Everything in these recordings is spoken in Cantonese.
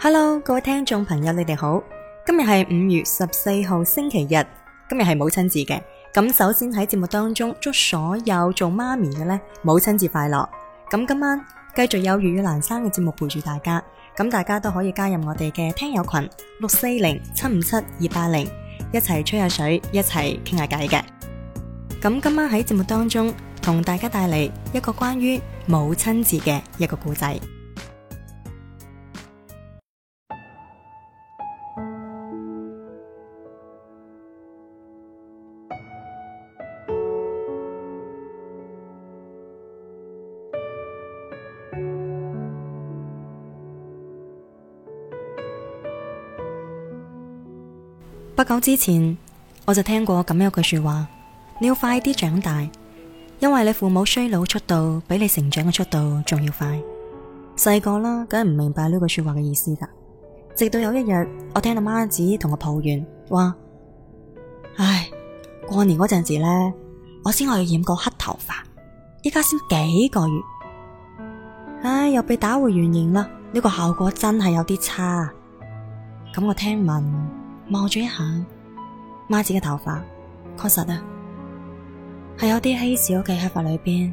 Hello，各位聽眾朋友，你哋好！今日係五月十四號星期日，今日係母親節嘅。咁首先喺節目當中祝所有做媽咪嘅咧母親節快樂。咁今晚繼續有雨蘭生嘅節目陪住大家，咁大家都可以加入我哋嘅聽友群六四零七五七二八零，80, 一齊吹下水，一齊傾下偈嘅。咁今晚喺節目當中同大家帶嚟一個關於母親節嘅一個故仔。不久之前，我就聽過咁樣一句說話：你要快啲長大，因為你父母衰老速度比你成長嘅速度仲要快。細個啦，梗係唔明白呢句說話嘅意思噶。直到有一日，我聽阿媽子同我抱怨話：唉，過年嗰陣時咧，我先可以染個黑頭髮，依家先幾個月，唉，又被打回原形啦。呢個效果真係有啲差。咁我聽聞。望咗一下媽子嘅頭髮，確實啊，係有啲稀少嘅黑髮裏邊，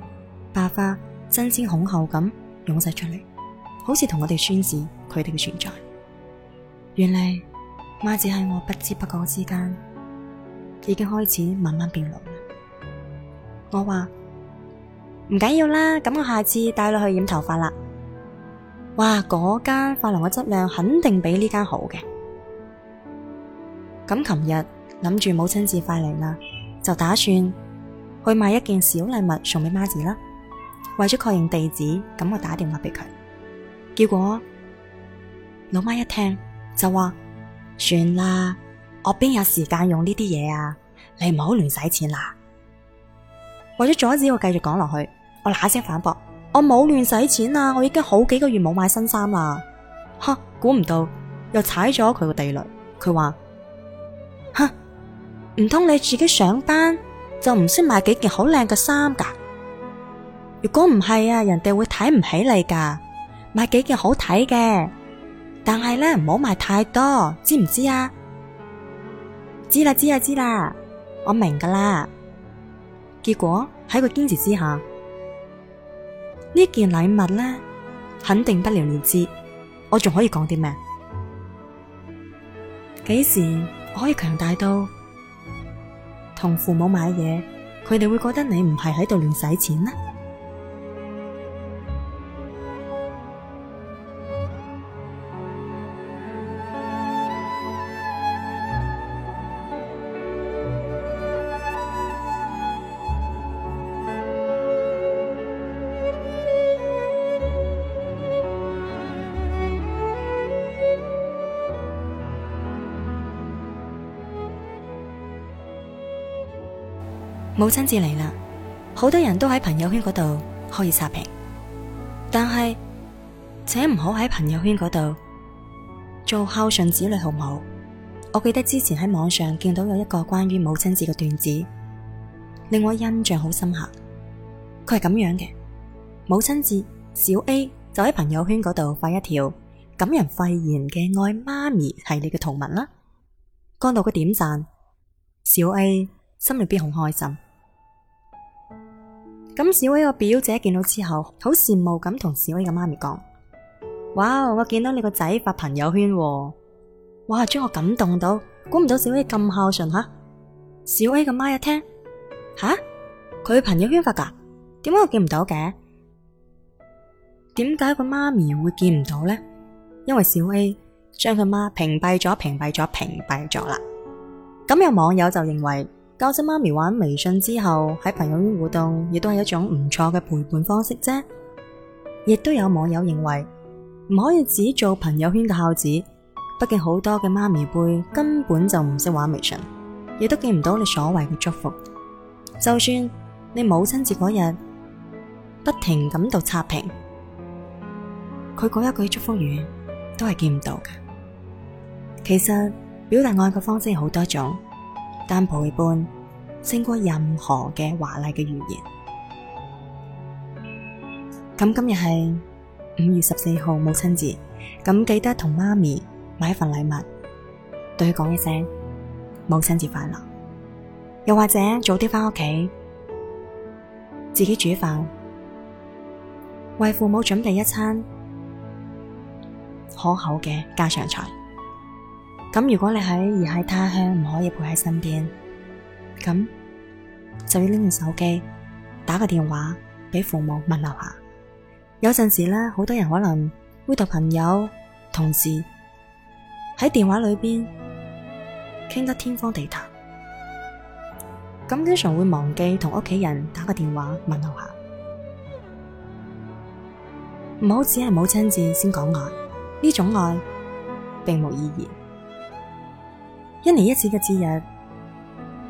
白髮爭先恐後咁湧晒出嚟，好似同我哋宣示佢哋嘅存在。原嚟媽子喺我不知不覺之間已經開始慢慢變老啦。我話唔緊要啦，咁我下次帶你去染頭髮啦。哇，嗰間髮廊嘅質量肯定比呢間好嘅。咁琴日諗住母親節快嚟啦，就打算去買一件小禮物送俾媽子啦。為咗確認地址，咁我打電話俾佢，結果老媽一聽就話：算啦，我邊有時間用呢啲嘢啊？你唔好亂使錢啦啊。為咗阻止我繼續講落去，我嗱一聲反駁：我冇亂使錢啊！我已經好幾個月冇買新衫啦。吓，估唔到又踩咗佢個地雷。佢話。唔通你自己上班就唔識買幾件好靚嘅衫噶？如果唔係啊，人哋會睇唔起你噶。買幾件好睇嘅，但係咧唔好買太多，知唔知啊？知啦知啦知啦，我明噶啦。結果喺佢堅持之下，件禮呢件禮物咧肯定不了了之。我仲可以講啲咩？幾時我可以強大到？同父母買嘢，佢哋會覺得你唔係喺度亂使錢呢。母親節嚟啦，好多人都喺朋友圈嗰度開咗刷屏，但係請唔好喺朋友圈嗰度做孝順子女，好唔好？我記得之前喺網上見到有一個關於母親節嘅段子，令我印象好深刻。佢係咁樣嘅：母親節，小 A 就喺朋友圈嗰度發一條感人肺腑嘅愛媽咪係你嘅圖文啦，見到佢點讚，小 A 心裏邊好開心。咁小 A 個表姐見到之後，好羨慕咁同小 A 個媽咪講：哇，wow，我見到你個仔發朋友圈，哦，哇，將我感動到，估唔到小 A 咁孝順吓。小 A 個媽一聽，吓，佢朋友圈發㗎，點解我見唔到嘅？點解個媽咪會見唔到咧？因為小 A 將佢媽屏蔽咗，屏蔽咗，屏蔽咗啦。咁有網友就認為。教識媽咪玩微信之後，喺朋友圈互動亦都係一種唔錯嘅陪伴方式啫。亦都有網友認為唔可以只做朋友圈嘅孝子，畢竟好多嘅媽咪輩根本就唔識玩微信，亦都見唔到你所謂嘅祝福。就算你母親節嗰日不停咁度刷屏，佢嗰一句祝福語都係見唔到嘅。其實表達愛嘅方式有好多種。單陪伴，勝過任何嘅華麗嘅語言。咁今日係五月十四號母親節，咁記得同媽咪買一份禮物，對佢講一聲母親節快樂。又或者早啲返屋企，自己煮飯，為父母準備一餐可口嘅家常菜。咁如果你喺而喺他鄉，唔可以陪喺身邊，咁就要拎住手機打個電話俾父母問候下。有陣時咧，好多人可能會同朋友、同事喺電話裏邊傾得天方地談，咁經常會忘記同屋企人打個電話問候下。唔好只係母親節先講愛，呢種愛並無意義。一年一次嘅節日，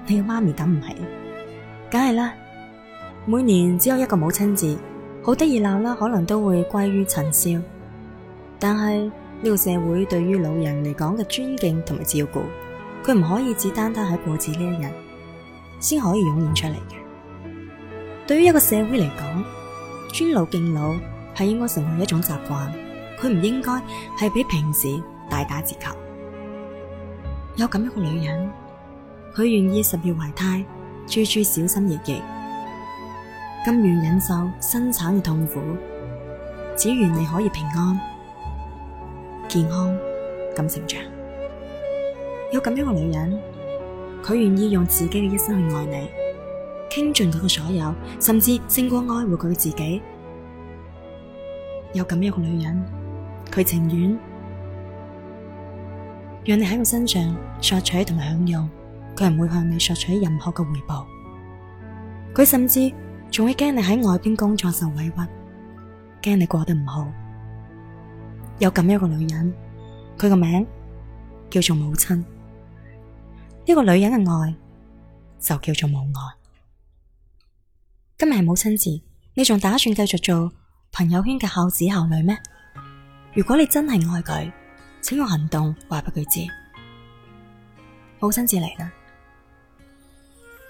你、哎、嘅媽咪等唔起，梗係啦。每年只有一個母親節，好得意鬧啦，可能都會歸於塵囂。但係呢、這個社會對於老人嚟講嘅尊敬同埋照顧，佢唔可以只單單喺過節呢一日先可以湧現出嚟嘅。對於一個社會嚟講，尊老敬老係應該成為一種習慣，佢唔應該係比平時大打折扣。有咁樣一個女人，佢願意十月懷胎，處處小心翼翼，甘願忍受生產嘅痛苦，只願你可以平安、健康咁成長。有咁樣一個女人，佢願意用自己嘅一生去愛你，傾盡佢嘅所有，甚至勝過愛護佢自己。有咁樣一個女人，佢情願。讓你喺我身上索取同埋享用，佢唔會向你索取任何嘅回報，佢甚至仲會驚你喺外邊工作受委屈，驚你過得唔好。有咁樣一個女人，佢個名叫做母親。呢個女人嘅愛就叫做母愛。今日係母親節，你仲打算繼續做朋友圈嘅孝子孝女咩？如果你真係愛佢。請用行動，話俾佢知。母親節嚟啦，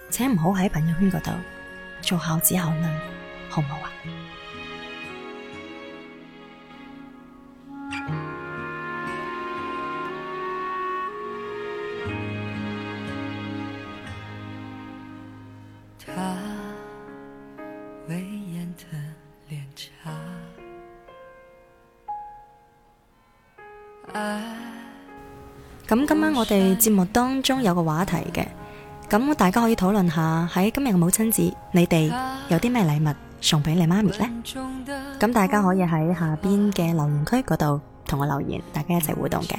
請唔好喺朋友圈嗰度做孝子孝女，好唔好啊？咁今晚我哋節目當中有個話題嘅，咁大家可以討論下喺今日嘅母親節，你哋有啲咩禮物送俾你媽咪呢？咁大家可以喺下邊嘅留言區嗰度同我留言，大家一齊互動嘅。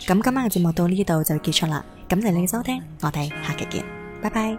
咁今晚嘅節目到呢度就結束啦，感謝你嘅收聽，我哋下期見，拜拜。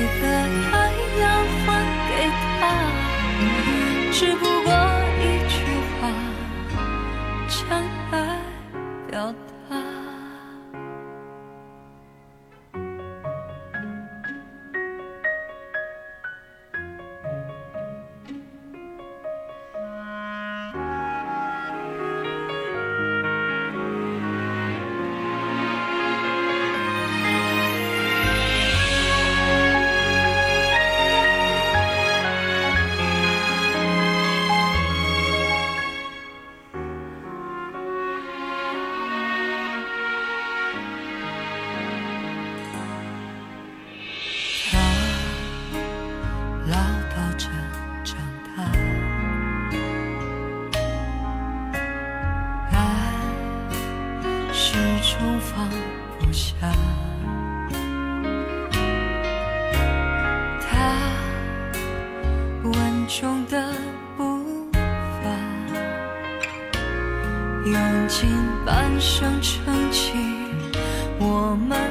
半生撐起，我們。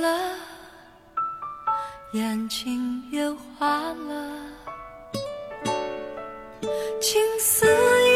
了，眼睛也花了，青絲也。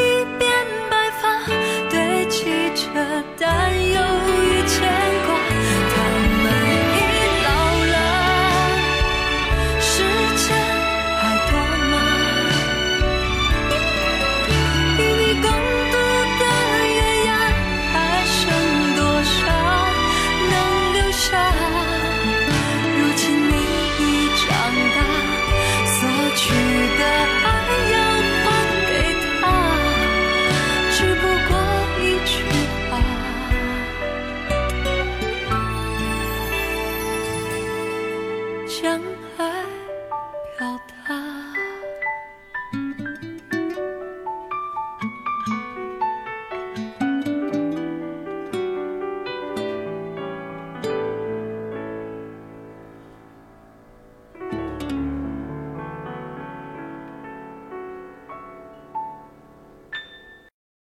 將愛表達。